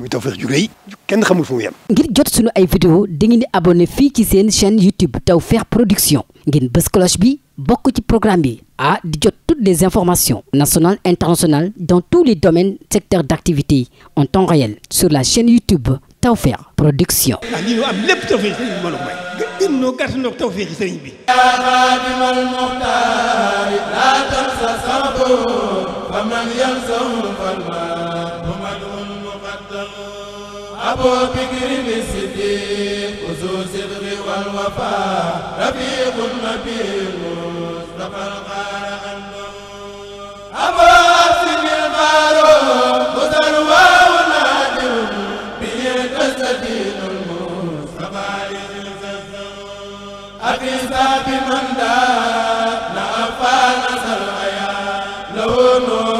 muy Tawfekh ju rëy kenn xamul fu mu yem. ngir jot sunu ay vidéo dangeen di abonné fii ci seen chaîne YouTube Tawfekh Production ngeen bës cloche bi bokk ci programme bi ah di jot toutes les informations nationales internationales dans tous les domaines secteurs d'activité en temps réel sur la chaîne YouTube Tawfekh Production. ah lii ñu am lépp Tawfekh sëriñ bi mbooloo mooy. gën gën ñoo gàtt ñoo Tawfekh sëriñ bi. yaa أبو بكر الصديق ذو الصدق والوفاء رفيق نبيل مصطفى القارئ أبو أحسن الفاروق مدر ونادر به تستدين المصطفى أبي ساب من دار نعفى نصر الحياة له نور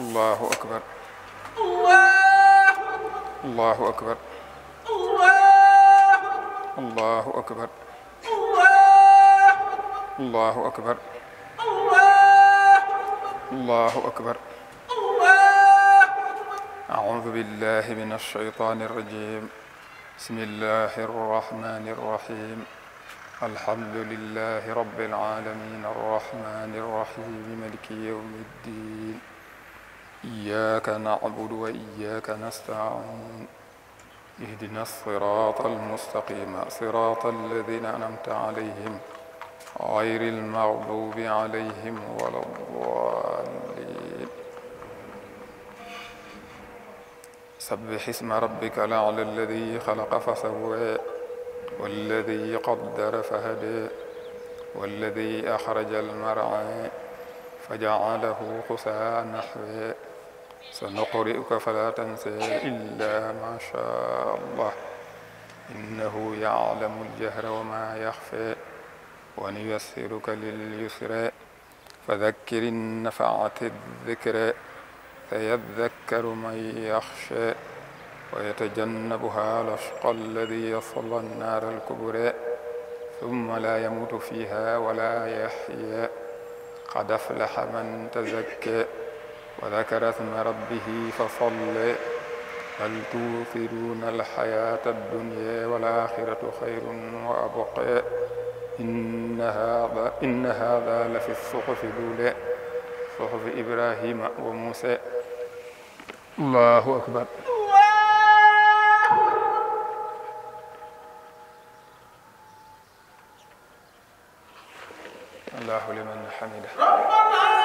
allahu akbar allahu akbar allahu akbar allahu akbar allahu akbar أعوذ بالله من الشيطان الرجيم بسم الله الرحمن الرحيم الحمد لله رب العالمين الرحمن الرحيم ملك يوم الدين إياك نعبد وإياك نستعين اهدنا الصراط المستقيم صراط الذين أنعمت عليهم غير المغضوب عليهم ولا الضالين سبح اسم ربك الأعلى الذي خلق فسوى والذي قدر فهدى والذي أخرج المرعى فجعله قسى نحوه sanuqri'uka fala tansa illa ma shaa allah innahu ya'lamu al-jahra wa ma yaxfa wa nuyassiruka lil-yusra فذكر إن نفعت الذكرى سيذكر من يخشى ويتجنبها الأشقى الذي يصلى النار الكبرى ثم لا يموت فيها ولا يحيى قد أفلح من تزكى wa dakara sma rabbihi fa salle bal tuufiruuna alxayaata addunya walaaxiratu xayrun wa abqaa inna haada inna haada la fi suxufi luule suxufi ibrahima wa muusa allahu akbar allahu liman hamida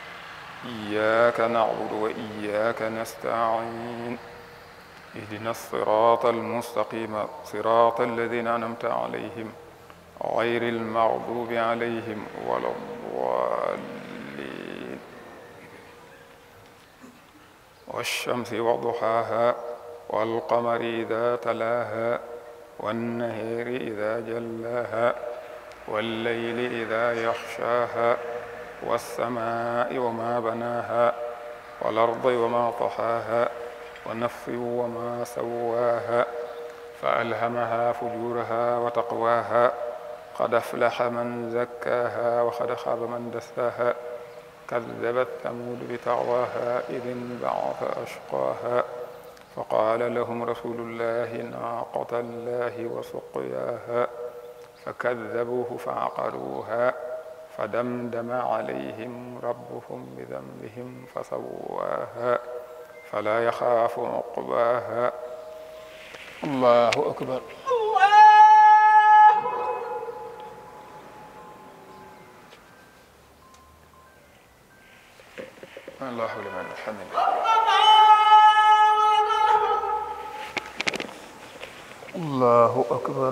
إياك نعبد وإياك نستعين اهدنا الصراط المستقيم صراط الذين أنعمت عليهم غير المغضوب عليهم ولا الضالين والشمس وضحاها والقمر إذا تلاها والنهر إذا جلاها والليل إذا يخشاها والسماء وما بناها والأرض وما طحاها ونفس وما سواها فألهمها فجورها وتقواها قد أفلح من زكاها وقد خاب من دساها كذبت ثمود بتعواها إذ انبعث أشقاها فقال لهم رسول الله ناقة الله وسقياها فكذبوه فعقروها fa damdama alayhim rabbuhum bi dambihim fa sawaaha fala yaxaafu uqbaaha allahu akbar allahu liman hamidah allahu akbar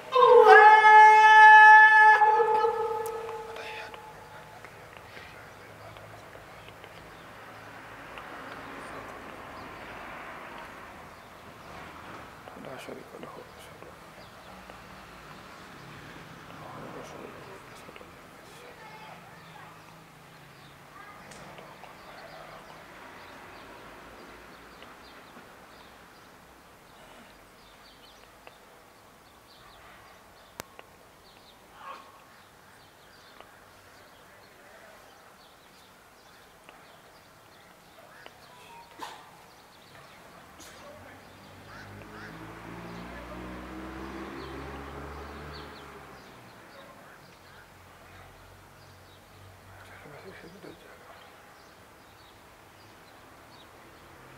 شريك له واشهد ان محمدا عبده ورسوله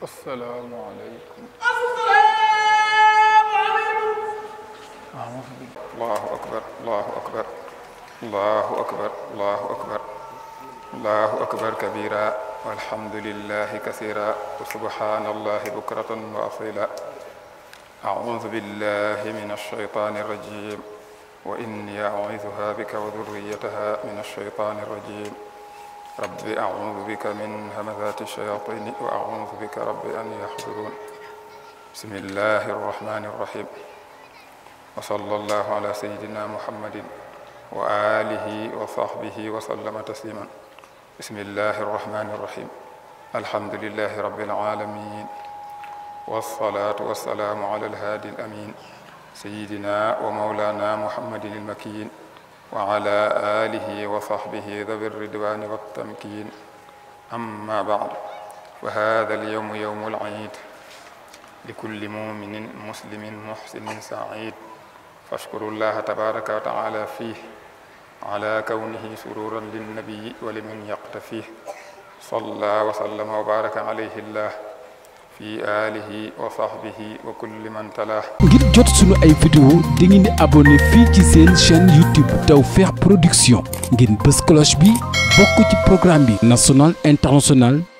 assalaamu aleykum allahu akbar allahu akbar allahu akbar allahu akbar allahu akbar kabira walhamdulillahi kasira wa subhanallahi bukratan wa asila أعوذ بالله من الشيطان الرجيم وإني أعوذها بك وذريتها من الشيطان الرجيم rabbi audu bika min hamazati shayatini wa audu bika rabbi an yaxdurun bismillahi arrahmani arrahim wa sallallahu ala sayidina muhammadin wa alihi wa sahbihi wa sallama tasliman bismillahi arrahmani arrahim alhamdulillahi rabbil alamin wassalatu wassalamu ala alhadi alamin sayidina wa maulana muhammadin almakiyin wa ala alihi wa sahbihi dawi ridwani wattamkin amma baad fa hada alyowmu yowmu alciid likulli muminin muslimin muxsinin saciid fashkuru llaha tabaraka wa taala fih ala kawnihi sururan linnabiyi wa liman yaqtafih salla wa sallama wa baraka alayhi llah fi alihi wa sahbihi wa kulli man ngir jot sunu ay vidéo di ngeen di abonné fii ci seen chaîne YouTube Tawfekh Production ngir bës cloche bi bokk ci programme bi national international